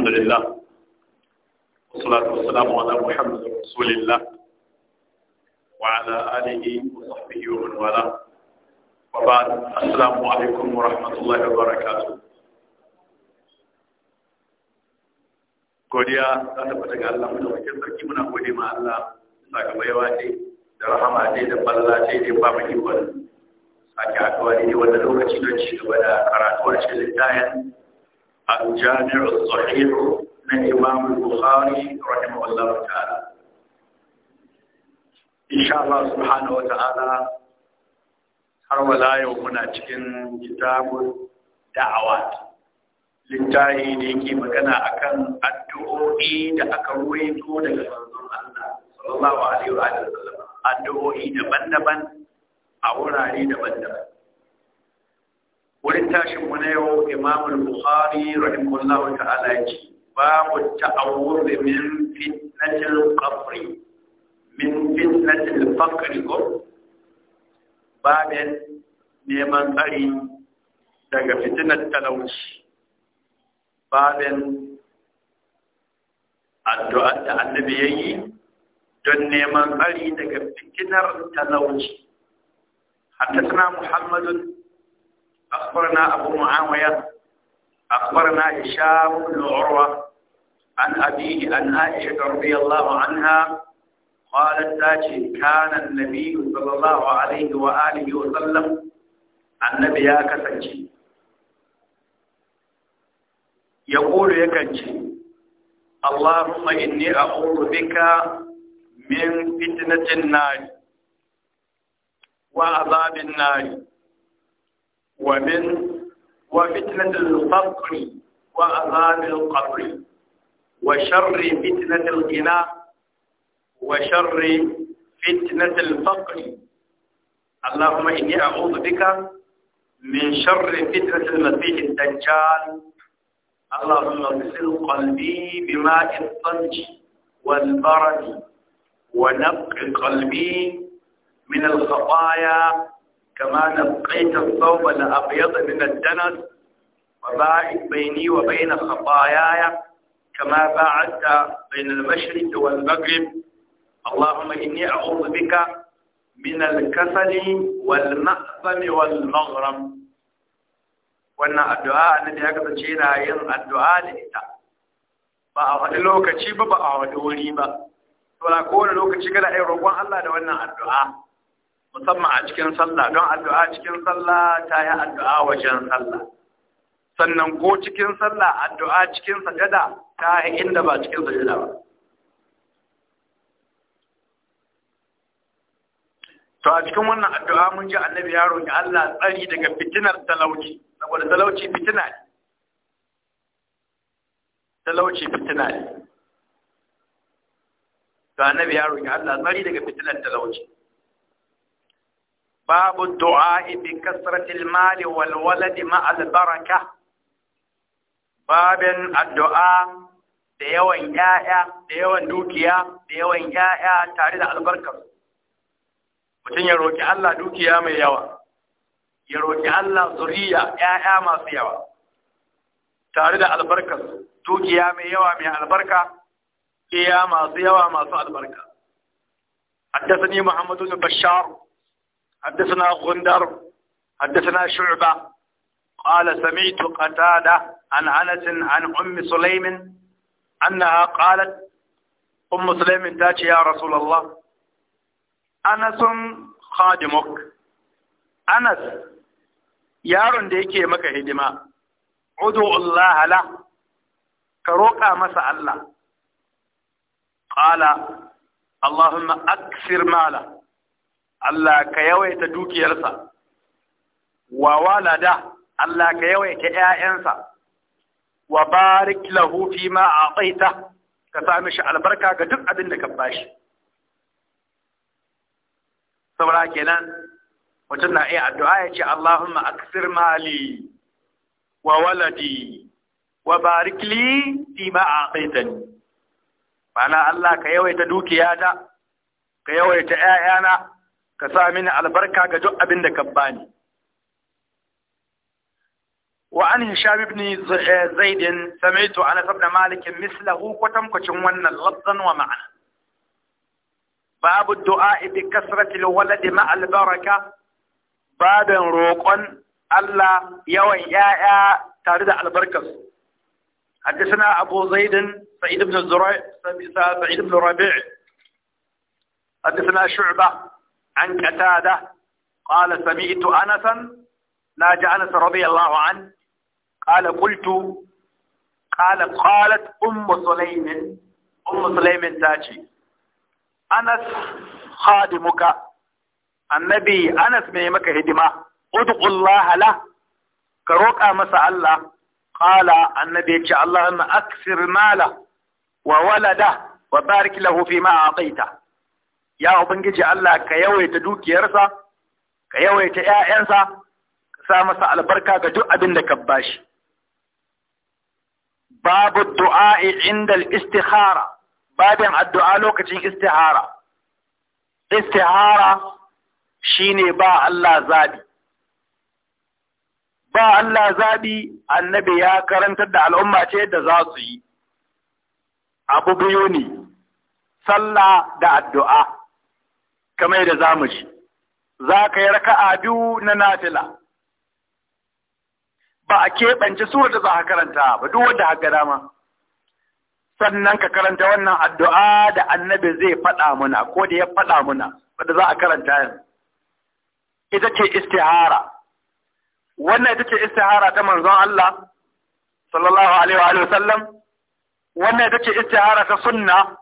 الحمد لله والصلاة والسلام على محمد رسول الله وعلى آله وصحبه ومن والاه وبعد السلام عليكم ورحمة الله وبركاته godiya za ta fata ga Allah muna wajen sarki muna gode ma Allah saka baiwa ce da rahama ce da balla ce da ba mu ikon sake haɗuwa ne wanda lokaci don ci gaba da karatu a cikin littafin الجامع الصحيح لإمام البخاري رحمه الله تعالى إن شاء الله سبحانه وتعالى هرولا يومنا cikin kitabun da'awat littafi ne yake magana akan addu'o'i da aka ruwaito daga manzon Allah sallallahu alaihi wa sallam addu'o'i daban-daban a wurare daban-daban wurin tashin mu na yau Imam al-Bukhari rahimahullahu ta'ala yake babu ta'awwur min fitnatil qabri min fitnatil faqri ko babin neman tsari daga fitinar talauci babin addu'ar da annabi yayi don neman tsari daga fitinar talauci حدثنا محمد أخبرنا أبو معاوية أخبرنا هشام بن عروة عن أبيه عن عائشة رضي الله عنها قالت تاجي كان النبي صلى الله عليه وآله وسلم النبي يا كسنجي يقول يا كنجي اللهم إني أعوذ بك من فتنة النار وعذاب النار ومن وفتنة الفقر وعذاب القبر وشر فتنة الغنى وشر فتنة الفقر اللهم إني أعوذ بك من شر فتنة المسيح الدجال اللهم اغسل قلبي بماء الثلج والبرد ونق قلبي من الخطايا كما نبقيت الصوم الأبيض من الدنس وباعد بيني وبين خطاياي كما باعدت بين المشرق والمغرب اللهم إني أعوذ بك من الكسل والمأثم والمغرم wannan addu'a na ya kasance yana yin addu'a da ita ba a wani lokaci ba ba a wani wuri ba lokaci kana yin rogon Allah da wannan addu'a musamman a cikin sallah don addu'a cikin sallah ta yi addu'a wajen sallah sannan ko cikin sallah addu'a cikin sajada ta yi inda ba cikin sajada ba to a cikin wannan addu'a mun ji annabi ya roƙi Allah tsari daga fitinar talauci saboda talauci fitina ne talauci fitina ne to annabi ya roƙi Allah tsari daga fitinar talauci باب الدعاء بكثرة المال والولد مع البركة باب الدعاء ديوان جائع ديوان دوكيا ديوان جائع على البركة وتن يروكي الله دوكيا من يوا يروكي الله زرية جائع ما سيوا تاريد البركة دوكيا من يوا من البركة يا ما سيوا ما سوى البركة حدثني محمد بن بشار حدثنا غندر حدثنا شعبة قال سمعت قتادة عن أنس عن أم سليم أنها قالت أم سليم تاتي يا رسول الله أنس خادمك أنس yaron da yake maka hidima, Udu Allah la, ka roƙa masa Allah, ƙala, Allahumma aksir mala, Allah ka yawaita dukiyarsa wa walada Allah ka yawaita ‘ya'yansa, wa barik lahu ma a tsaita, ka sami shi albarka ga duk abin da ka bashi. Saura kenan, mutum na iya addu'a ya ce, Allahumma aksir mali wa waladi wa barik li fi ma a tsaita ni. Allah ka yawaita dukiyata, ka yawaita ‘ya'yana, ka sa mini albarka ga duk abin da ka bani wa an hisham ibn zaid samaitu anas ibn malik mislahu kwatankwacin wannan lafzan wa ma'ana babu du'a bi kasrati alwalad ma albaraka badan roƙon Allah yawan ‘ya'ya tare da albarkarsu. حدثنا أبو زيد سعيد بن الزرع سعيد بن ربيع حدثنا شعبة عن قتادة قال سمعت أنسا ناجى أنس رضي الله عنه قال قلت قال قالت أم سليم أم سليم تاجي أنس خادمك النبي أنس ميمك هدما ادعو الله له كروك أمس الله قال النبي شاء الله أكثر ماله وولده وبارك له فيما أعطيته ya ubangiji Allah ka yawaita dukiyarsa ka yawaita 'ya'yansa, ka sa masa albarka ga duk abin da ka bashi babu du'a inda istihara. babin addu'a lokacin istihara istihara shi ne ba Allah zaɓi. ba Allah zaɓi annabi ya karantar da al'umma ce da za su yi, abu biyu ne, sallah da addu'a. kamar da zamu ji za ka yi raka'a biyu na nafila ba a keɓance surar da za ka karanta ba duk wanda haka dama sannan ka karanta wannan addu'a da annabi zai faɗa muna ko da ya faɗa muna wanda za a karanta yanzu ita ce istihara wannan ita ce istihara ta manzon Allah sallallahu alaihi wa sallam wannan ita ce istihara ta sunna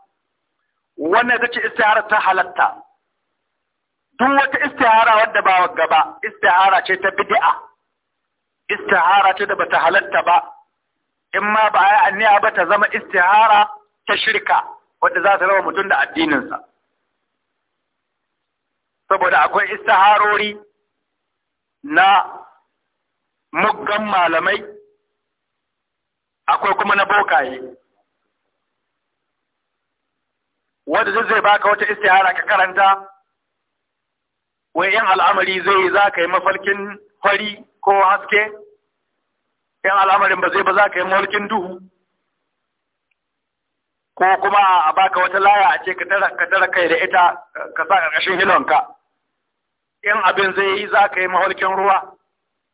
wannan ita ce istihara ta halatta duk wata istihara wadda ba gaba istihara ce ta bidi'a. istihara ce da bata halatta ba in ma ba yi anniya ba ta zama istihara ta shirka wadda za ta raba mutum da addininsa saboda akwai istiharori na muggan malamai akwai kuma na bokaye wadda zai baka wata istihara ka karanta wai yan al'amari zai za ka yi mafalkin fari ko haske Yan al'amarin ba zai ba za ka yi mafalkin duhu ko kuma a baka wata laya a ce ka tara kai da ita ka sa ƙarƙashin hilonka Yan abin zai yi za ka yi mafalkin ruwa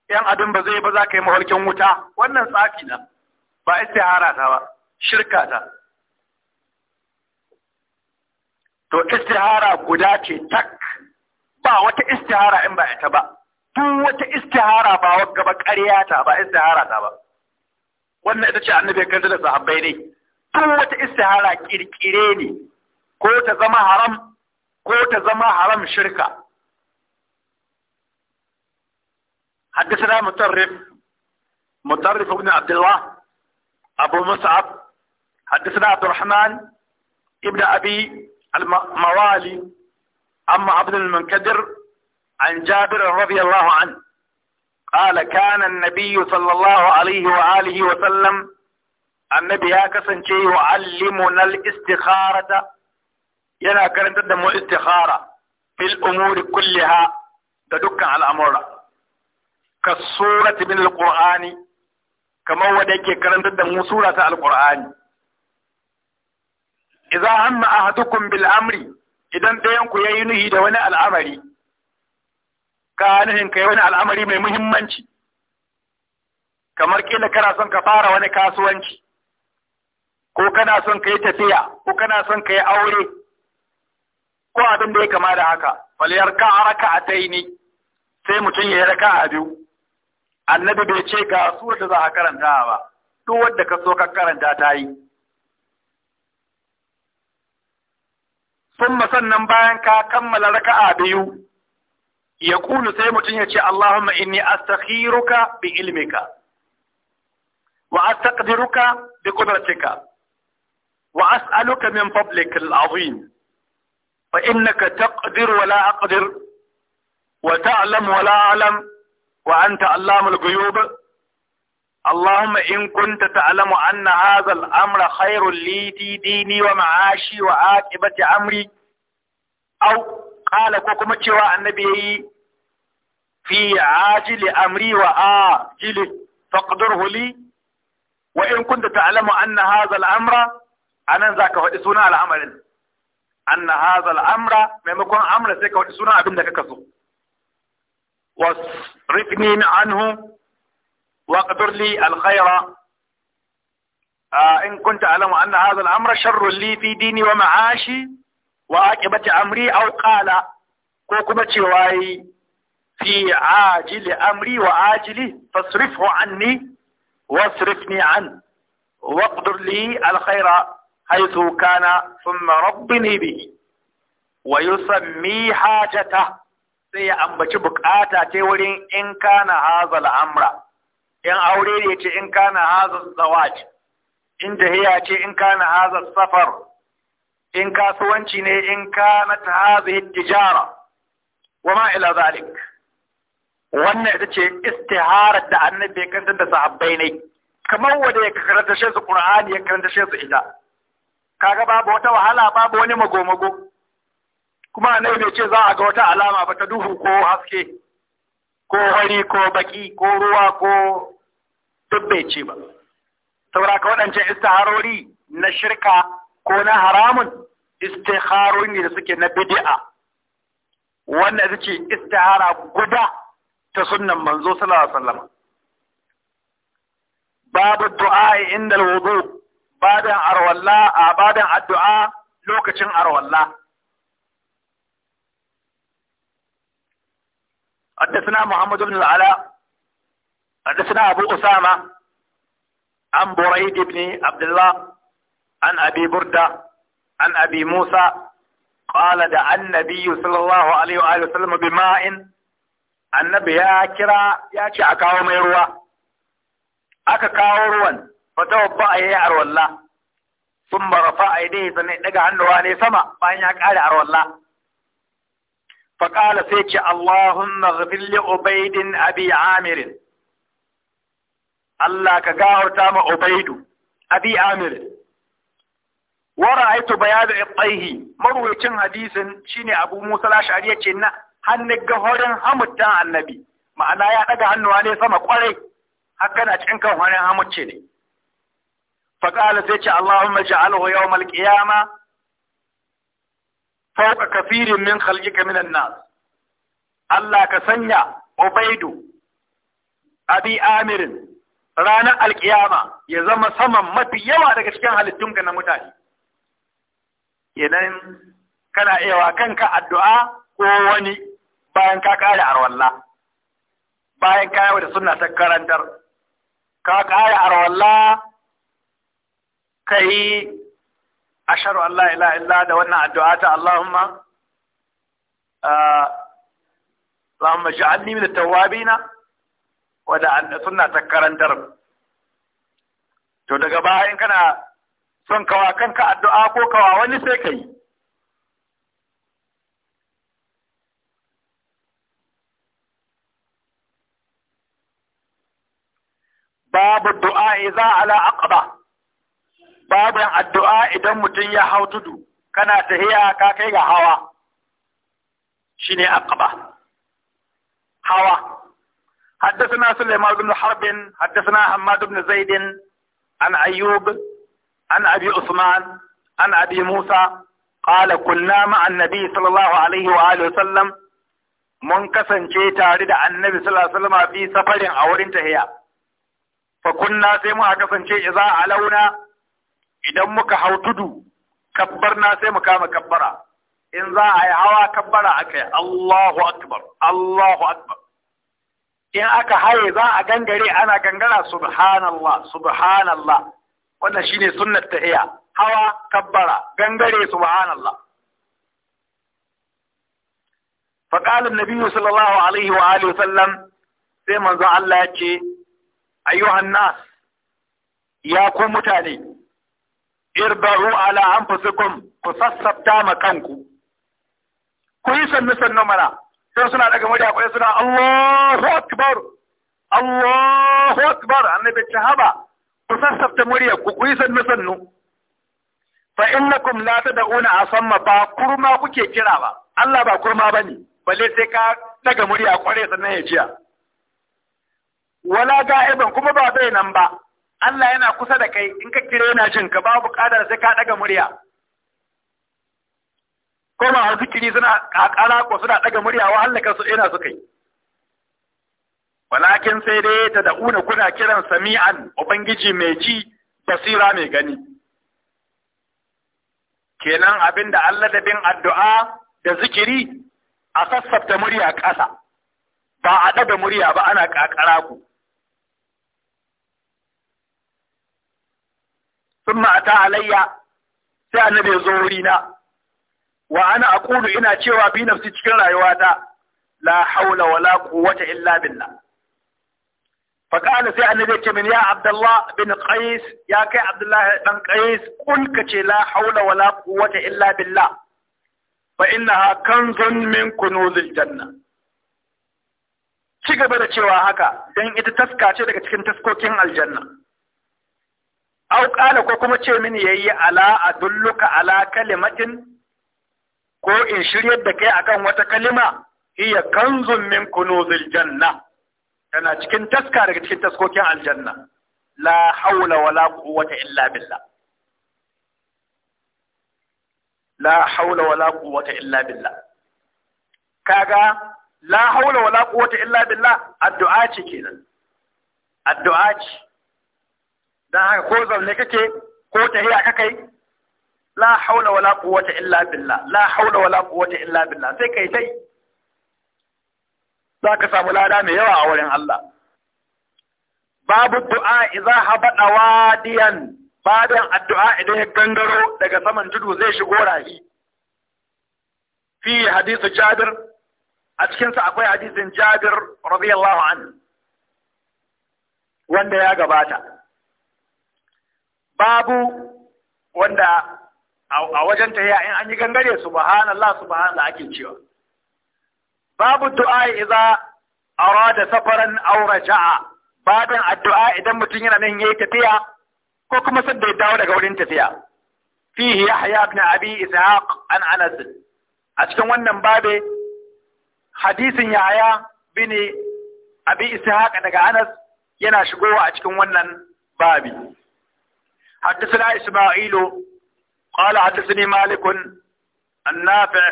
yan abin ba zai ba za ka yi mafalkin wuta wannan tsafi na ba istihara ta ba shirka ta to istihara guda ce tak ba wata istihara in ba ita ba duk wata istihara ba wagga ba ƙarya ta ba istihara ta ba wannan ita ce annabi kan da sahabbai ne duk wata istihara kirkire ne ko ta zama haram ko ta zama haram shirka حدثنا مطرف مطرف بن عبد الله أبو مصعب حدثنا عبد الرحمن ابن أبي الموالي أما عبد المنكدر عن جابر رضي الله عنه قال كان النبي صلى الله عليه وآله وسلم النبي يا شيء يعلمنا الاستخارة ينا كان دم الاستخارة في الأمور كلها تدك على أمورها كالصورة من القرآن كما هو ديكي كان دم سورة القرآن إذا هم أحدكم بالأمر idan ɗayan ku ya yi nuhi da wani al'amari ka nuhin kai wani al'amari mai muhimmanci kamar kila kana son ka fara wani kasuwanci ko kana son ka yi tafiya ko kana son ka yi aure ko abin da ya kama da haka faliyar ka raka a ta- ne, sai mutum ya yi raka a biyu annabi bai ce ga su da za a karanta ba duk wadda ka so ka karanta ta yi ثم صلى بان كمل ركعة بيو يقول سيمو تنيا اللهم إني أستخيرك بعلمك وأستقدرك بقدرتك وأسألك من فضلك العظيم فإنك تقدر ولا أقدر وتعلم ولا أعلم وأنت علام الغيوب اللهم إن كنت تعلم أن هذا الأمر خير لي في ديني ومعاشي وعاقبة أمري أو قال كوكما تشوى النبي في عاجل أمري وآجل فاقدره لي وإن كنت تعلم أن هذا الأمر أنا ذاك سنة العمل أن هذا الأمر ممكن أمر سيك سنة أبن لك كسو واصرفني عنه واقدر لي الخير آه، إن كنت أعلم أن هذا الأمر شر لي في ديني ومعاشي وعاقبة أمري أو قال كوكبة واي في عاجل أمري وعاجلي فاصرفه عني واصرفني عنه واقدر لي الخير حيث كان ثم ربني به ويسمي حاجته sai ya ambaci bukata ta wurin in in aure ne ce in kana haza zawaj in jahiya ce in kana haza safar in kasuwanci ne in kana ta haza tijara wa ma ila zalik wannan ita ce istiharar da annabi ya kanta da sahabbai ne kamar wanda ya karanta shi su qur'ani ya karanta shi su ita kaga babu wata wahala babu wani magomago kuma annabi bai ce za a ga wata alama ba ta duhu ko haske ko hari ko baki ko ruwa ko duk bai ce ba saboda ka waɗancan istiharori na shirka ko na haramun istiharori ne da suke na bidi'a. wanda ita ce istihara guda ta sunan manzo sallallahu alaihi babu du'a a inda wudu badan arwalla a badan addu'a lokacin arwalla حدثنا Muhammadu bin العلاء حدثنا أبو أسامة عن بريد بن عبد الله عن أبي بردة عن أبي موسى قال دعا النبي صلى الله عليه وآله وسلم بماء annabi ya kira ya ce a kawo mai ruwa aka kawo ruwan fatawabba a yi arwalla sun barafa a yi sannan daga hannuwa ne sama bayan ya kare arwalla faƙala sai ce Allahumma ubaidin Allah ka gawarta ma Ubaidu abi Amir wa ra'aytu da iqayhi marwayacin hadisin shine Abu Musa al-Ash'ari yace na hannun gahorin hamuttan annabi ma'ana ya ɗaga hannuwa ne sama kwarai Haka na cikin kan horin hamutce ne fa qala sai ce Allahumma ja'alhu yawm al-qiyamah fawqa kafirin min khalqika min an-nas Allah ka sanya Ubaidu abi Amirin ranar alkiyama ya zama saman mafi yawa daga cikin halittunka na mutane idan kana wa kanka addu'a ko wani bayan ka kare arwalla bayan ka yawa da suna ta karantar ka kare arwalla ka yi asharu Allah ila illa da wannan addu'a ta Allahumma ah, Allahumma ja'alni min at na. wadda suna ta karantar to daga bayan kana son kawa kanka addu'a ko kawa wani sai ka yi babu du'a za ala babu addu'a idan mutum ya hau tudu kana tahiya ka kai ga hawa shine aqaba hawa حدثنا سليمان بن حرب حدثنا حماد بن زيد عن أيوب عن أبي عثمان عن أبي موسى قال كنا مع النبي صلى الله عليه وآله وسلم mun kasance tare da annabi sallallahu fi safarin a wurin tahiya fa kunna sai muka kasance idza launa idan muka hau tudu kabbarna sai mu kama kabbara in za a yi hawa kabbara akai Allahu Allahu in aka haye za a gangare ana gangara subhanallah subhanallah wannan shine sunnar tahiya hawa kabbara gangare subhanallah فقال النبي صلى الله عليه وآله وسلم sai manzon Allah ya ce ayyuhan nas ya ku mutane Irba'u ala anfusikum ku sassabta ma kanku ku yi sannu sannu mana sai suna daga murya kwaye suna Allahu Akbar Allahu Akbar annabi ta haba ku sassafta murya ku ku sannu sannu fa innakum la tad'una asamma ba kurma kuke kira ba Allah ba kurma bane balle sai ka daga murya kware sannan ya jiya wala ga'iban kuma ba bai nan ba Allah yana kusa da kai in ka kire yana jin ka babu kadar sai ka daga murya ko ba har zikiri suna kakara ko suna daga murya wa halaka su ina suka yi walakin sai dai ta da'una kuna kiran sami'an ubangiji mai ci basira mai gani kenan abin da Allah da bin addu'a da zikiri a sassafta murya ƙasa ba a daga murya ba ana kakara ku sun mata alayya sai annabi zo wurina wa ana aqulu ina cewa bi nafsi cikin rayuwata la haula wala quwwata illa billah fa qala sai annabi ce min ya bin qais kai abdullah dan qais kun kace la haula wala quwwata illa billah fa innaha kanzun min kunuzil janna ci gaba da cewa haka dan ita taska ce daga cikin taskokin aljanna Auƙala ko kuma ce mini yayi ala adulluka ala kalimatin ko in shiryar da kai akan wata kalima hiya kanzun min kunuzil janna tana cikin taska daga cikin taskokin aljanna la haula wala quwwata illa billah la haula wala quwwata illa billah kaga la haula wala quwwata illa billah addu'a ce kenan addu'a ce dan haka ko zaune kake ko tahiya kakai la haula wala quwwata illa billah la haula wala quwwata illa billah sai kai tai zaka samu lada mai yawa a wurin Allah babu du'a idza habada wadiyan bayan addu'a idan ya gangaro daga saman tudu zai shigo rahi fi hadisu jabir a cikinsa akwai hadithin jabir radiyallahu anhu wanda ya gabata babu wanda a wajen ta in an yi gangare ba hana ake cewa babu du'a ara da safaran aura ja'a. babin addu'a idan mutum yana nan yayi tafiya ko kuma da ya dawo daga wurin tafiya fihi yahya ibn abi ishaq an anas a cikin wannan babe hadisin yahya bin abi ishaq daga anas yana shigowa a cikin wannan babi حدثنا Isma'ilu. قال حدثني مالك النافع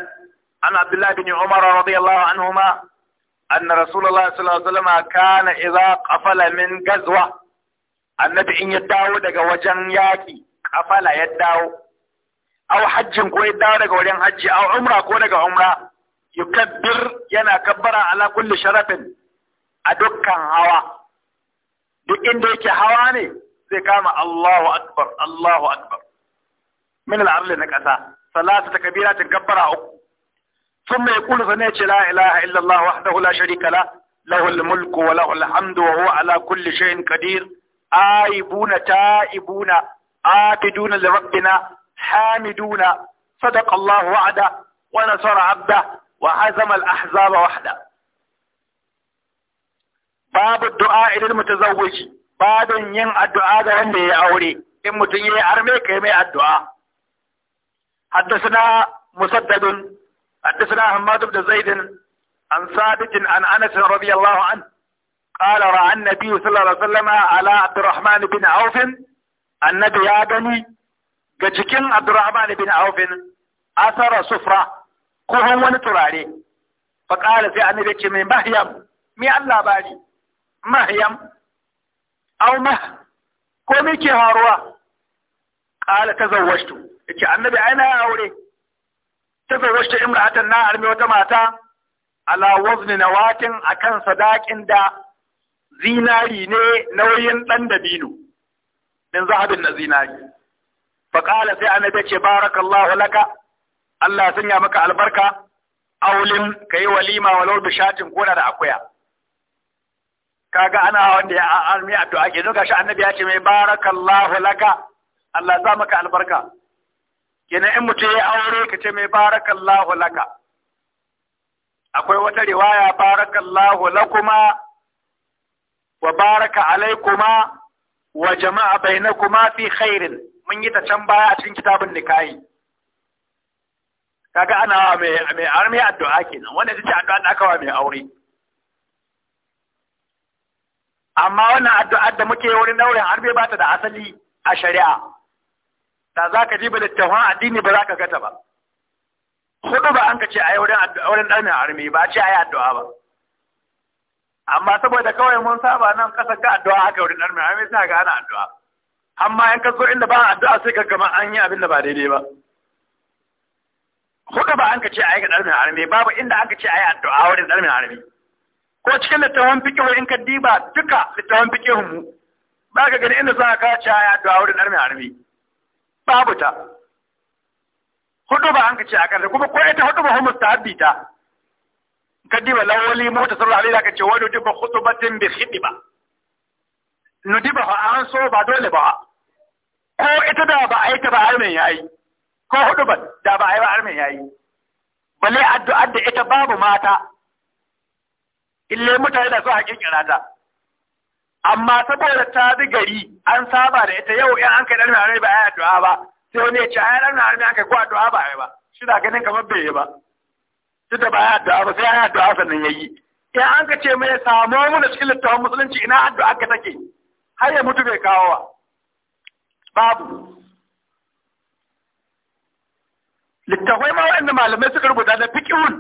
عن عبد الله بن عمر رضي الله عنهما أن رسول الله صلى الله عليه وسلم كان إذا قفل من غزوة annabi in ya dawo daga wajen yaƙi kafala ya dawo aw hajjin ko ya dawo daga wajen hajji aw umra ko daga umra yukabbir yana kabbara ala kulli sharafin a dukkan hawa duk inda yake hawa ne zai kama Allahu akbar Allahu من العرل نكتا ثلاثة كبيرات قبرة ثم يقول فنيت لا إله إلا الله وحده لا شريك له له الملك وله الحمد وهو على كل شيء قدير آيبون تائبون آكدون لربنا حامدون صدق الله وعده ونصر عبده وعزم الأحزاب وحده باب الدعاء الى المتزوج بعد ان ين الدعاء ده يا أولي إن متي أرميك يمي الدعاء حدثنا مسدد حدثنا حماد بن زيد عن ثابت عن انس رضي الله عنه قال راى النبي صلى الله عليه وسلم على عبد الرحمن بن عوف ان النبي ادمي كجكن عبد الرحمن بن عوف اثر سفره كهم وني تراري فقال في ان بيت من مهيم مي الله بالي مهيم او مه كوميكي هاروه ta zawwashtu yace annabi ai na aure ta tazawwajtu imra'atan na armi wata mata ala wazni nawatin akan sadakin da zinari ne nauyin dan dabino din zahabin na zinari fa kala sai annabi ce barakallahu laka Allah sanya maka albarka aulin kai walima walau shatin kona da akuya kaga ana wanda ya armi addu'a ke ga gashi annabi ya ce mai barakallahu laka Allah za maka albarka kenan in mutu ya aure ka ce mai barakallahu laka akwai wata riwaya barakallahu lakuma wa baraka alaikuma wa jama'a bainakuma fi khairin mun yi ta can baya a cikin kitabun nikahi kaga ana mai mai armi addu'a kenan wanda tace addu'a da aka wa mai aure amma wannan addu'a da muke wurin daure harbe ba ta da asali a shari'a da za ka da littafin addini ba za ka gata ba hudu ba an ka ce a yi wurin ɗarmin armi ba a ce a yi addu'a ba amma saboda kawai mun saba nan kasa ga addu'a haka wurin ɗarmin armi suna ga ana addu'a amma in ka zo inda ba addu'a sai ka gama an yi abin da ba daidai ba hudu ba an ka ce a yi ga ɗarmin armi babu inda an ka ce a yi addu'a wurin ɗarmin armi ko cikin littafin fikihu in ka diba duka littafin fikihun mu ba ka gani inda za ka ce a yi addu'a wurin ɗarmin armi babu ta hudu ba an kace a ƙarshe kuma ko ita hudu ba humus ta habbi ta kadiba lawali mota sallallahu alaihi kace wani duba khutubatin bi khidiba nudiba ha an so ba dole ba ko ita da ba aika ba armen yayi ko hudu ba da ba ai ba armen yayi balle addu'a da ita babu mata ille mutane da su hakikin rata amma saboda ta bi gari an saba da ita yau in an kai dan harai ba ya yi addu'a ba sai wani ya ce ai ɗan harai an kai ko addu'a ba ai ba shi na ganin kamar bai yi ba shi da ba ya yi addu'a ba sai ya yi addu'a sannan ya yi in an ka ce mai mu da cikin littafin musulunci ina addu'a ka take har ya mutu bai kawo ba babu littafai ma waɗanda malamai suka rubuta da fiqhun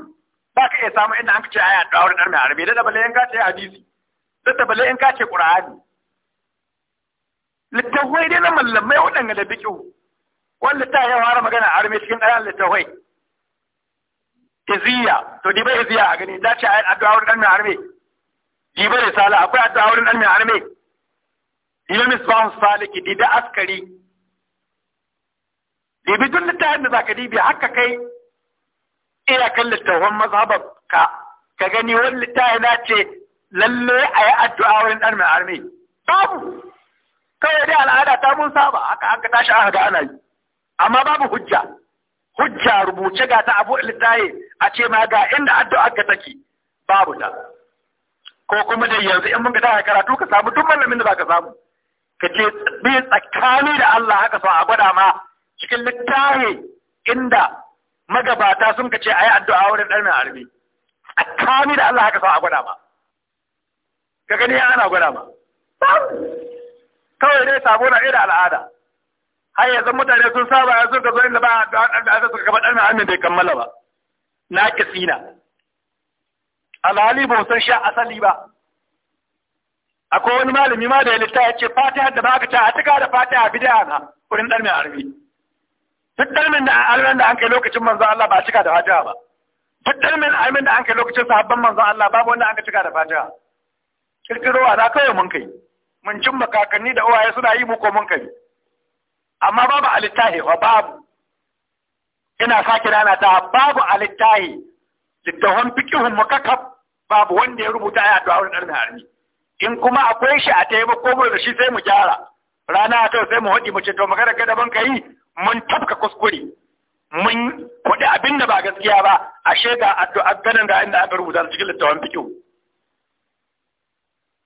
ba ka iya samu inda an ka ce ai addu'a wurin ɗan harai bai da balle yanka ce hadisi duk da balle in ka ce qur'ani littafai dai na mallamai waɗanda da biƙi wanda ta yi wara magana a arme cikin ɗayan littafai iziya to di bai iziya a gani dace a addu'a wurin ɗan mai arme di bai sala akwai addu'a wurin ɗan mai arme di na misbahun saliki di da askari di bi duk littafin da zaka dibi haka kai iyakan littafan mazhabar ka ka gani wani littafi na ce lalle a yi addu'a wurin ɗan mai armi babu kawai dai al'ada ta mun saba haka haka tashi aka ga ana yi amma babu hujja hujja rubuce ga ta abu littaye a ce ma ga inda addu'a ka take babu ta ko kuma dai yanzu in mun ga ta karatu ka samu duk malamin da zaka samu ka ce bi tsakani da Allah haka so a gwada ma cikin littaye inda magabata sun ka ce ayi addu'a wurin ɗan mai armi tsakani da Allah haka so a gwada ma da gani ana gwada ma kawai dai sabo na irin al'ada har yanzu mutane sun saba yanzu ka zo inda ba da aka suka gaba dan hannun bai kammala ba na kisina alhali ba san sha asali ba akwai wani malami ma da ya litta ya ce fatiha da baka ta a tuka da fatiha bid'a na wurin dan mai arbi duk dalmin da alwan da an kai lokacin manzo Allah ba cika da fatiha ba duk dalmin armin da an kai lokacin sahabban manzo Allah babu wanda an ka cika da fatiha a da kawai mun kai mun cin makakanni da uwaye suna yi mu ko mun kai amma babu alittahi wa babu ina sake rana ta babu alittahi littafin fikihun makakkab babu wanda ya rubuta ya addu'a wurin ɗan harbi in kuma akwai shi a taimako mu da shi sai mu gyara rana ta sai mu haɗi mu ce to magana ka ban kai mun tafka kuskure mun kuɗi abin da ba gaskiya ba ashe ga addu'a ganin da inda aka rubuta cikin littafin fikihun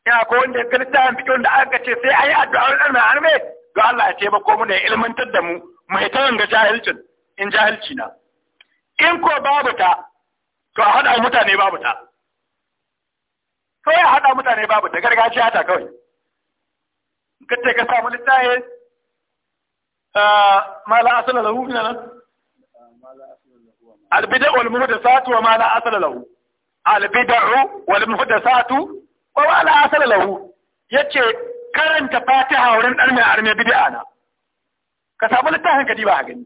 ya ko wanda ya littafin fikin da aka ce sai ayi addu'a dan mai harbe to Allah ya ce taimako mu ne ilmantar da mu mu ta ga jahilcin in jahilci na in ko babu ta to a hada mutane babu ta to ya hada mutane babu ta gargajiya ta kawai kace ka samu littafin ma mala asala lahu na nan al bid'u wal muhdathatu wa ma la asala lahu al bid'u wal muhdathatu wa wala asala lahu yace karanta fatiha wurin dan mai arme bid'a na ka samu littafin ka diba a gani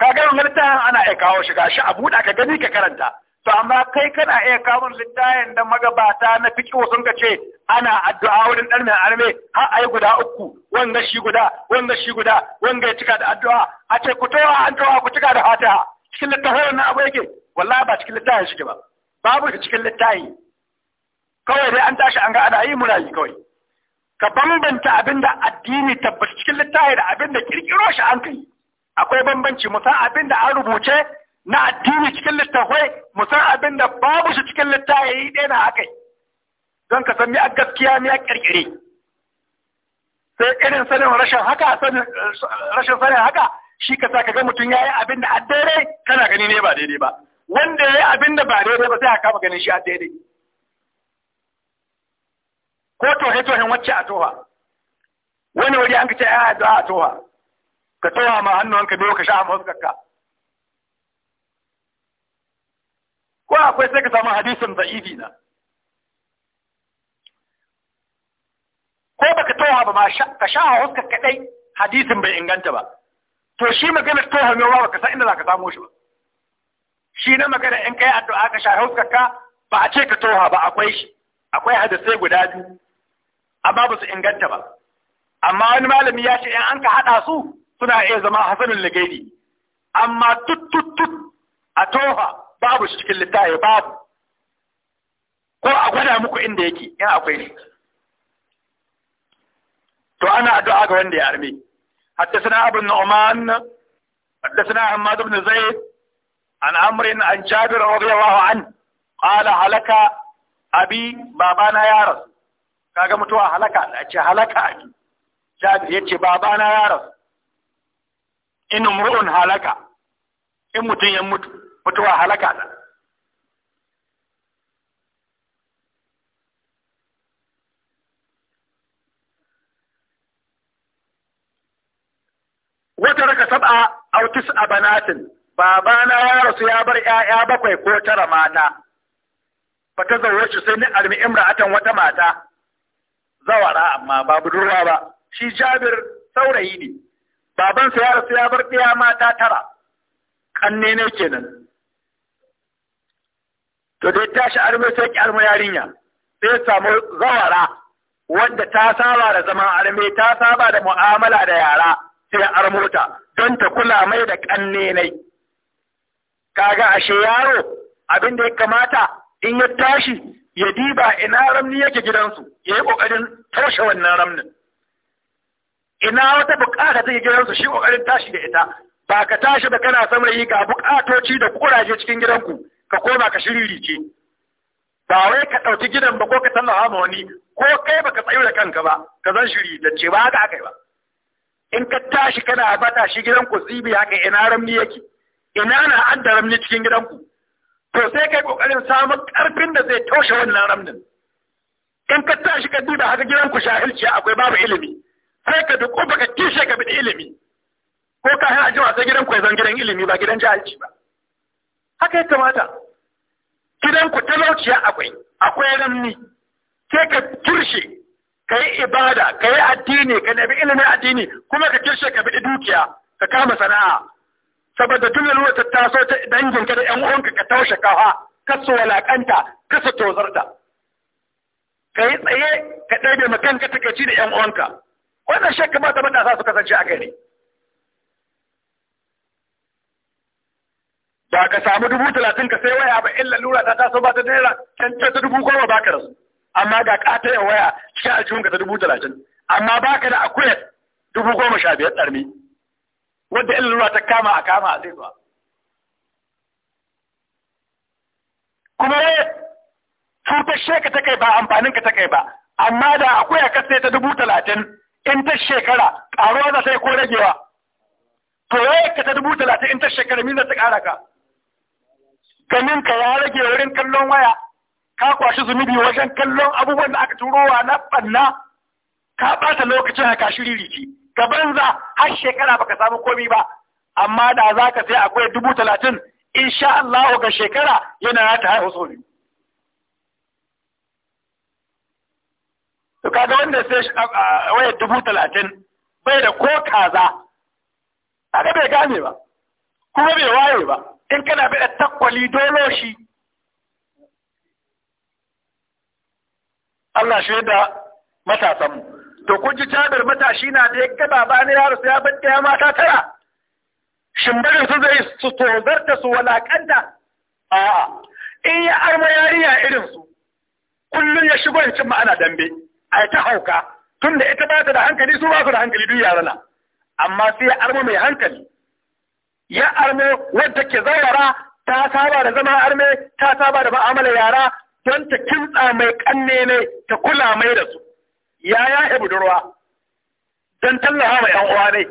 ka ga wannan littafin ana iya kawo shi gashi a buɗa ka gani ka karanta to amma kai kana iya kawo littafin da magabata na fiqh sun ka ce ana addu'a wurin dan mai arme ha ai guda uku wanda shi guda wanda shi guda wanda ya cika da addu'a a ce ku towa an towa ku cika da fatiha cikin littafin na abu yake wallahi ba cikin littafin shi ba babu cikin littafi kawai dai an tashi an ga ana yi muna yi kawai ka bambanta abin da addini tabbata cikin littafi da abin da kirkiro shi an kai akwai bambanci musan abin da an rubuce na addini cikin littafai musan abin da babu shi cikin littafi yi ɗaya na akai don ka san mi'a gaskiya a kirkire sai irin sanin rashin haka rashin sanin haka shi ka sa ka ga mutum ya yi abin da a daidai kana gani ne ba daidai ba wanda ya yi abin da ba daidai ba sai a kama ganin shi a daidai ko tohe tohen wacce a toha wani wuri an ka ce ya haɗu a toha ka toha ma hannuwanka biyo ka sha fuskarka ko akwai sai ka samu hadisin da'ifi na ko ba ka toha ba ma ka sha huskar kaɗai, hadisin bai inganta ba to shi maganar toha mai ba ka san inda za ka samu shi ba shi na magana in kai addu'a ka sha huskar ka ba a ce ka toha ba akwai shi akwai hadisai guda biyu amma ba su inganta ba amma wani malami ya ce in an ka haɗa su suna iya zama hasanul ligaidi amma tut tut tut a tofa babu shi cikin littafi babu ko a gwada muku inda yake in akwai ne to ana addu'a ga wanda ya arme حدثنا أبو النعمان حدثنا حماد بن زيد عن عمرو an جابر رضي الله عنه قال هلك أبي abi babana رسول kaga mutuwa halaka a ce halaka a jabir ya ce babana ya rasu in umru'un halaka in mutum ya mutu mutuwa halaka ta wata raka saba autis a banatin babana ya rasu ya bar 'ya'ya bakwai ko tara mata fata zaure shi sai ni almi imra'atan wata mata zawara amma ba budurwa ba shi jabir saurayi ne babansa ya rasu ya bar ɗaya mata tara kanne ne kenan to da ya tashi arme sai ki arme yarinya sai samu zawara wanda ta saba da zama arme ta saba da mu'amala da yara sai ya armo don ta kula mai da kanne ne kaga ashe yaro abin da ya kamata in ya tashi ya diba ina ramni yake gidansu ya yi ƙoƙarin taushe wannan ramnin ina wata bukata take gidansu shi ƙoƙarin tashi da ita ba ka tashi da kana samun ka bukatoci da ƙuraje cikin gidanku ka koma ka shiriri ce ba wai ka ɗauki gidan ba ko ka tallafa ma wani ko kai baka tsayu da kanka ba ka zan shiri da ce ba haka akai ba in ka tashi kana bata shi gidanku tsibi haka ina ramni yake ina na adda ramni cikin gidanku to sai kai kokarin samun karfin da zai toshe wannan ramnin in ka tashi ka duba haka gidan ku shahilci akwai babu ilimi sai ka duk ka kishe ka bi ilimi ko ka hana jiwa sai gidan ku ya zan gidan ilimi ba gidan jahilci ba haka ya kamata gidan ku talauciya akwai akwai ramni sai ka kirshe ka yi ibada ka yi addini ka nemi ilimin addini kuma ka kirshe ka bi dukiya ka kama sana'a saboda tun yalwar ta taso ta danginka da ƴan uwanka ka taushe kafa kasu walakanta kasu tozarta ka yi tsaye ka ɗaiɗe ma kanka takaici da ƴan uwanka wannan shi kamata matasa su kasance a ne. ba ka samu dubu talatin ka sai waya ba illa lura ta taso ba ta naira can ta dubu goma ba ka rasu amma ga ƙata ya waya cikin ka ta dubu talatin amma ba ka da akuyar dubu goma sha biyar ɗarmi wadda in ta kama a kama a ba kuma wai cutar sheka ta kai ba amfanin ka ta kai ba amma da akwai a kasa ta dubu talatin in ta shekara ƙaruwa za ta yi ko ragewa to wai ka ta dubu talatin in ta shekara min za ta ƙara ka ganin ka ya rage wurin kallon waya ka kwashi zunubi wajen kallon abubuwan da aka turowa na ɓanna ka ɓata lokacin haka riki. ka banza har shekara baka samu komi ba amma da za ka sai akwai dubu talatin insha Allah ga shekara yana ta haihu sau biyu. To kaga wanda sai waye dubu talatin bai da ko kaza, kaga bai gane ba, kuma bai waye ba, in kana bai da takwali doloshi. shi. Allah shi da matasanmu. to kun ji jabir matashi na da ya gaba ba ne yaro ya bar ya mata tara shin barin su zai su ta su walakanta a'a in ya arma yariya irin su kullum ya shigo ya cimma ana dambe a ta hauka da ita ba ta da hankali su ba su da hankali duk yarana amma sai ya arma mai hankali ya armo wadda ke zaurara ta saba da zama arme ta saba da ma'amala yara don ta kimtsa mai kanne ne ta kula mai da su ya yahe budurwa don tallafa ma ‘yan uwa ne,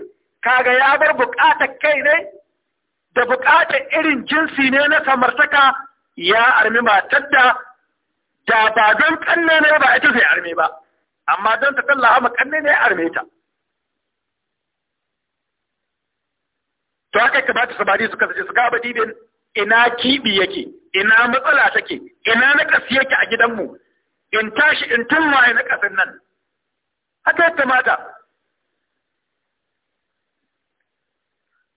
kaga ya bar buƙatar kai ne da buƙatar irin jinsi ne na samartaka ya armi matar da da ba don kanne ne ba ita zai armi ba, amma don ta tallafa ma kanne ne ya arme ta. To haka ka ba ta samari suka sace suka ba dibin ina kibi yake, ina matsala take, ina na yake a gidan mu? in tashi in tunwaye na kasin nan. haka ya kamata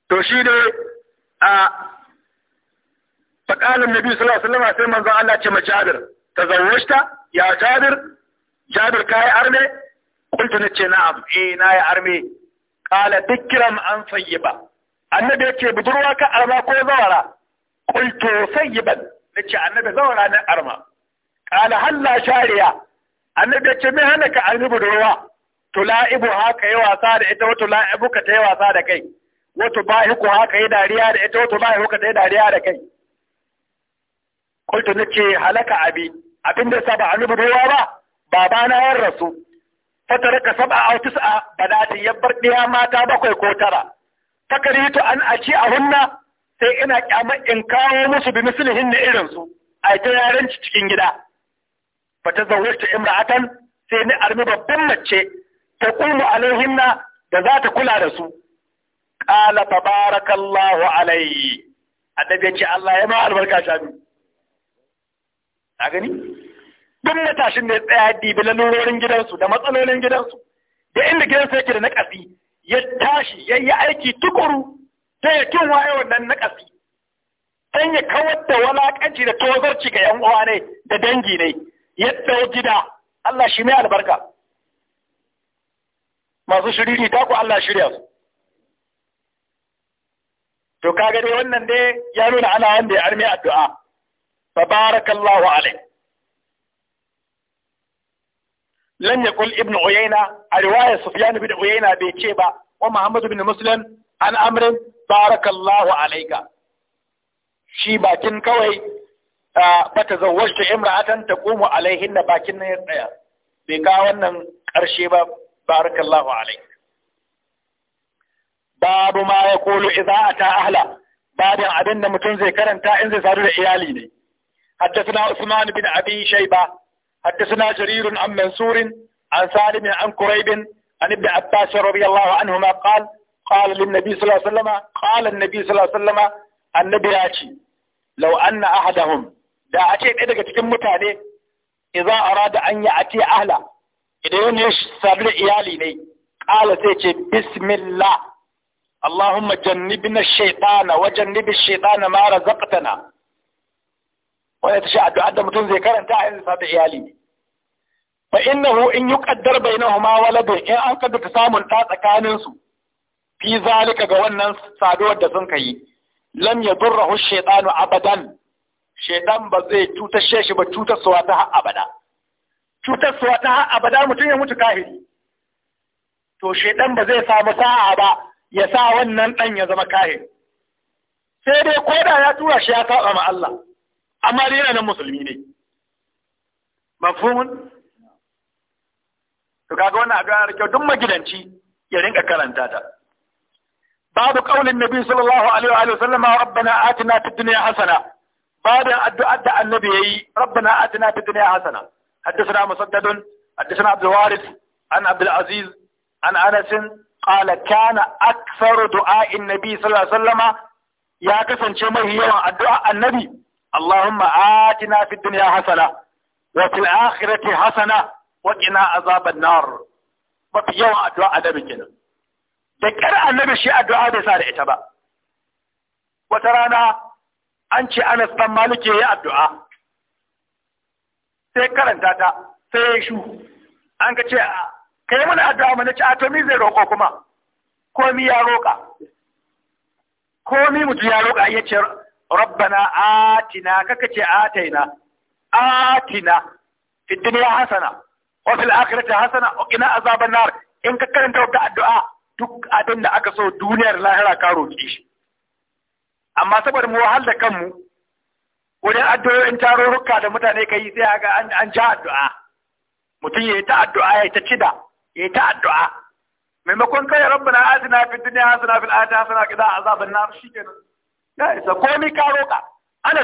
to shi ne a faƙalin nabi sallallahu alaihi wasallam sai manzon Allah ce ma Jabir tazawwajta ya Jabir Jabir kai arme kuntu nace na'am eh na yi arme qala dikram an sayyiba annabi yake budurwa ka arma ko zawara qultu sayyiban nace annabi zawara na arma qala halla shariya annabi yake me hana ka arme budurwa tula'ibu haka yi wasa da ita wato la'ibu ka ta yi wasa da kai wato ba'iku haka yi dariya da ita wato ba'iku ka ta yi dariya da kai kultu nace halaka abi abin da saba an ruwa ba babana ya rasu ka saba a tis'a badati ya bar ɗaya mata bakwai ko tara fakaritu an aci a hunna sai ina kyamar in kawo musu bi musulhin na irinsu a ta yaranci cikin gida fata zaurarta imra'atan sai ni armi babban mace ta kulmu alaihinna da za ta kula da su qala tabarakallahu alaihi annabi ce Allah ya ma albarka sha biyu gani? gani duk matashin da ya tsaya dibi lalurorin gidansu da matsalolin gidansu da inda gidansu yake da nakasi ya tashi ya yi aiki tukuru ta ya kin waye wannan nakasi Ɗan ya kawar da walakanci da tozarci ga yan uwa ne da dangi ne ya tsaye gida Allah shi mai albarka masu shiriri ta ku Allah shirya su to kaga dai wannan dai ya nuna ana wanda ya arme addu'a tabarakallahu alai lan yaqul ibnu uyayna a riwaya sufyan da uyayna bai ce ba wa muhammad bin muslim an amrin barakallahu alaika shi bakin kawai ba ta zawwajta imra'atan taqumu alaihin bakin na ya tsaya bai ga wannan karshe ba barakallahu alaihi babu ma ya kolo idza ata ahla babin abin da mutum zai karanta in zai sadu da iyali ne حدثنا عثمان بن أبي شيبة حدثنا جرير عن منصور عن سالم عن قريب عن ابن عباس رضي الله عنهما قال قال للنبي صلى الله عليه وسلم قال النبي صلى الله عليه وسلم النبي ياتي لو أن أحدهم da a ce ɗaya daga cikin mutane idza arada an ya ati ahla idan wani ya sadu iyali ne ƙala zai ce bismillah Allahumma jannibna shaytana wa jannibi shaytana ma razaqtana wanda ta shi addu'a da mutum zai karanta a yanzu sadu iyali ne fa innahu in yuqaddar bainahuma waladun in an kaddata samun ɗa su fi zalika ga wannan saduwar da sun kai lam yadurruhu shaytanu abadan shaytan ba zai cutashe shi ba cutaswa ta abada wata ta abada mutum ya mutu kahiri to shaidan ba zai samu sa'a ba ya sa wannan ɗan ya zama kahiri sai dai koda ya tura shi ya saba ma Allah amma dai yana nan musulmi ne mafhumun to kaga wannan a da kyau duk magidanci ya rinka karanta ta babu قول النبي sallallahu alaihi wa وآله وسلم ربنا آتنا في hasana bayan addu'ar da annabi ربنا آتنا في الدنيا dunya hasana حدثنا مسدد حدثنا عبد الوارث عن عبد العزيز عن أنس قال كان أكثر دعاء النبي صلى الله عليه وسلم يا كسن شمه يوم الدعاء النبي اللهم آتنا في الدنيا حسنة وفي الآخرة حسنة وقنا عذاب النار mafi yawan addu'a annabi kenan da ƙyar annabi shi addu'a bai sa da ita ba wata rana an ce Anas dan Malik yayi addu'a sai karanta ta sai ya shu an ka ce Ka yi mana addu'a mana ci atomi zai roƙo kuma komi ya roƙa komi mutum ya roƙa ya ce rabbana atina kaka ce ataina atina fi dunya hasana wa fil akhirati hasana wa qina azaban nar in ka karanta wata addu'a duk abin da aka so duniyar lahira ka roƙe shi amma saboda mu wahal da kanmu wurin addu'o'in tarurruka da mutane ka yi sai a ga an ja addu'a mutum ya yi ta addu'a ya yi ta cida ya yi ta addu'a maimakon kai na atina fid dunya hasana fil akhirati hasana qina azaban nar shikenan ya isa komai ka roka ana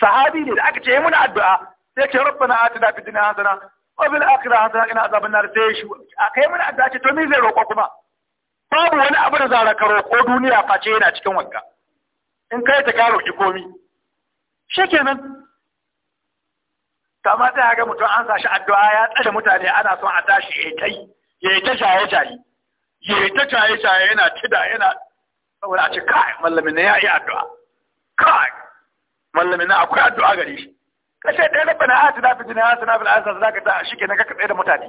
sahabi ne da aka ce muna addu'a sai ce na atina fid dunya hasana wa fil akhirati hasana a zaben nar sai shi yi muna addu'a ce to me zai roko kuma babu wani abu da zara ka roko duniya face yana cikin wanka in kai ta ka roki komai shekenan kama ta ga mutum an sashi addu'a ya tsada mutane ana son a tashi ya tai ya ta shaye shaye ya ta shaye shaye yana tida yana saboda a ce kai mallamin na ya yi addu'a kai mallamin na akwai addu'a gare shi kashe ɗaya na bana ati na a ya sana fil ansa zaka ta shi kenan ka tsaye da mutane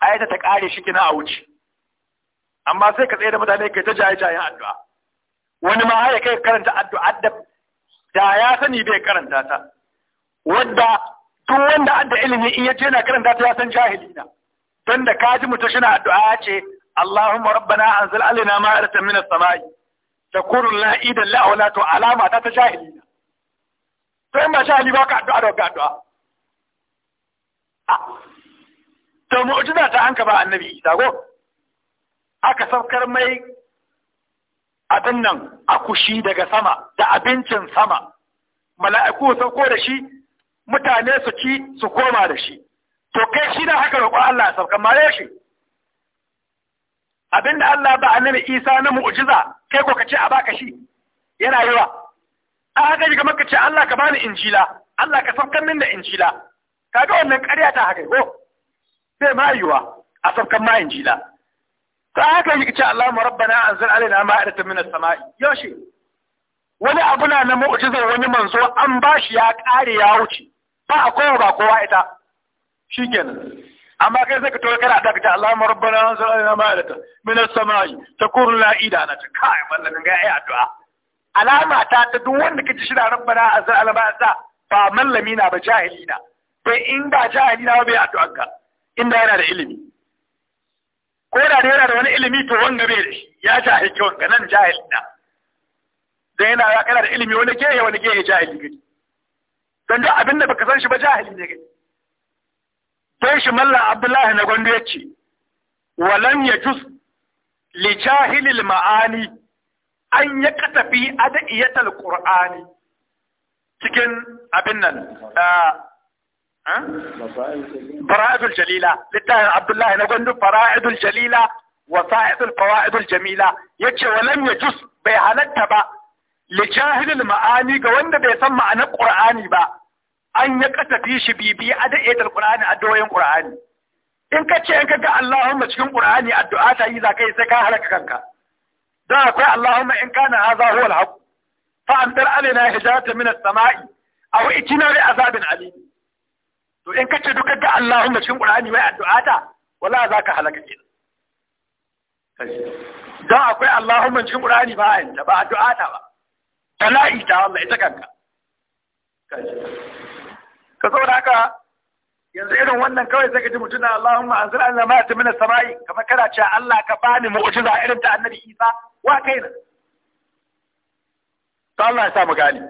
A yi ta kare shi kenan a wuce amma sai ka tsaye da mutane kai ta jaye jayen addu'a wani ma har ya kai karanta addu'a da da ya sani bai karanta ta wanda duk wanda adda ilimi in yace yana karanta ta ya san jahili na dan da kaji mutum shi na addu'a ya ce Allahumma rabbana anzil alaina ma'aratan min as-sama'i takunu lana idan la wala to alama ta ta jahili na to in ba jahili ba ka addu'a da addu'a ah. to mu'jiza ta hanka ba annabi sago aka saukar mai abin nan akushi daga sama da abincin sama mala'iku sauko da shi mutane su ci su koma da shi to kai shi da haka roƙon Allah sauka mare shi abinda Allah ba annabi Isa na mu'jiza kai ko kace a baka shi yana yawa a haka ji kamar kace Allah ka bani injila Allah ka saukan min da injila kaga wannan ƙarya ta haka ko sai ma yiwa a saukan ma injila ta haka yi ce Allah mu rabbana alina alaina ma'idatan minas sama'i yoshi wani abu na na mu'jizar wani manzo an bashi ya kare ya wuce ba a kowa ba kowa ita shikenan amma kai sai ka to kana da kace Allah mu alina anzil alaina ma'idatan minas sama'i takun la na ta kai mallan ga ai addu'a alama ta ta duk wanda kace shi da rabbana anzil alaina ma'idatan ba mallami na ba jahili na bai in ba jahili na ba bai addu'a ka inda yana da ilimi ko da da yana da wani ilimi to wanga bai ya jahilci wanga nan jahil da dan yana ya kana da ilimi wani ke wani gehe jahili gidi dan da abin da baka san shi ba jahili ne gidi dan shi malla abdullahi na gondo yace walam yajuz li al ma'ani an ya katafi adiyatul qur'ani cikin abin nan ah, fara'idul jalila littafin abdullahi na gwandu fara'idul jalila wa sa'idul fara'idul jamila yace walam yajuz bai halatta ba li ma'ani ga wanda bai san ma'anar Kur'ani ba an ya katafi shi bibi ada'idul qur'ani addu'o'in qur'ani in ka ce in ka ga Allahumma cikin qur'ani addu'a ta yi zakai sai ka halaka kanka dan akwai Allahumma in kana hadha huwa al-haq fa amtar alaina hijatan min as-sama'i aw itina bi azabin alim to in kace dukkan da Allahumma cikin Qur'ani mai addu'a ta wala za ka halaka ke don akwai Allahumma cikin Qur'ani ba ayyanta ba addu'a ta ba tala'i ta Allah ita kanka ka da ka yanzu irin wannan kawai sai ka ji mutuna Allahumma anzil anna ma ta min as-sama'i kamar kana cewa Allah ka bani mu'jiza irin ta Annabi Isa wa kai na to Allah ya sa mu gani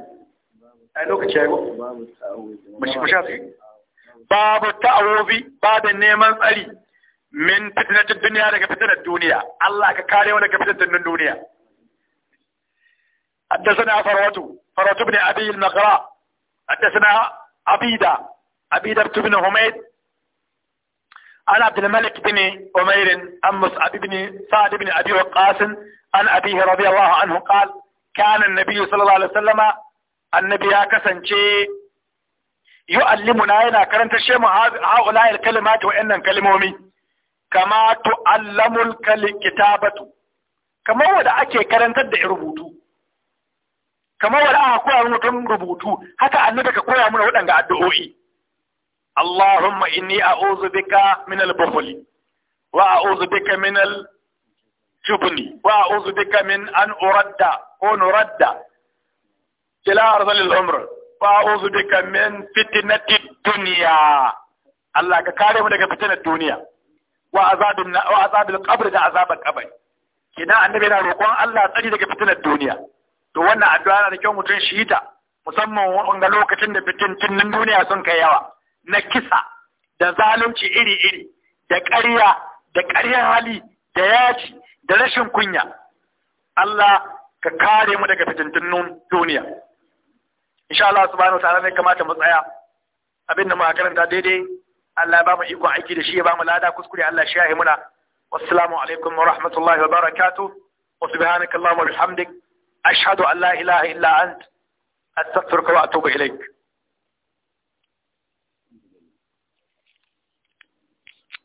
ai lokaci ya yi mu mu sha sai باب ta'awobi بعد neman علي من فتنة الدنيا لك فتنة الدنيا الله كاري kare فتنة من الدنيا duniya حدثنا فروة فروة بن أبي المغراء حدثنا عبيدة عبيدة بن حميد عن عبد الملك بن أمير عن مصعب بن سعد بن أبي وقاص عن أبيه رضي الله عنه قال كان النبي صلى الله عليه وسلم النبي كسنشي yu'allimuna yana karanta shi mu haula al kalimatu wa'annan kalmomi kama tu'allamul kitabatu kamar wanda ake karantar da rubutu kamar wanda aka koya mutum rubutu haka annabi ka koya mana waɗanda addu'o'i Allahumma inni a'udhu bika min al-bukhli wa a'udhu bika min al-jubni wa a'udhu bika min an uradda ko nuradda ila arzalil umr fa'uzu bika min fitnati dunya Allah ka kare mu daga fitinar duniya wa azabin wa da azabar qabr kina annabi yana roƙon Allah tsari daga fitinar duniya to wannan addu'a na da kyau mutum shi ta musamman wanga lokacin da fitintunin duniya sun kai yawa na kisa da zalunci iri-iri da ƙarya da ƙaryar hali da yaci da rashin kunya Allah ka kare mu daga fitintunin duniya insha Allah subhanahu wataala ne kamata mu tsaya abin da muka karanta daidai Allah ya ba mu iko aiki da shi ya ba mu lada kuskure Allah shi ya yi muna wassalamu alaikum wa rahmatullahi wa barakatuh wa subhanakallahumma wa bihamdik ashhadu an la ilaha illa ant astaghfiruka wa atubu ilaik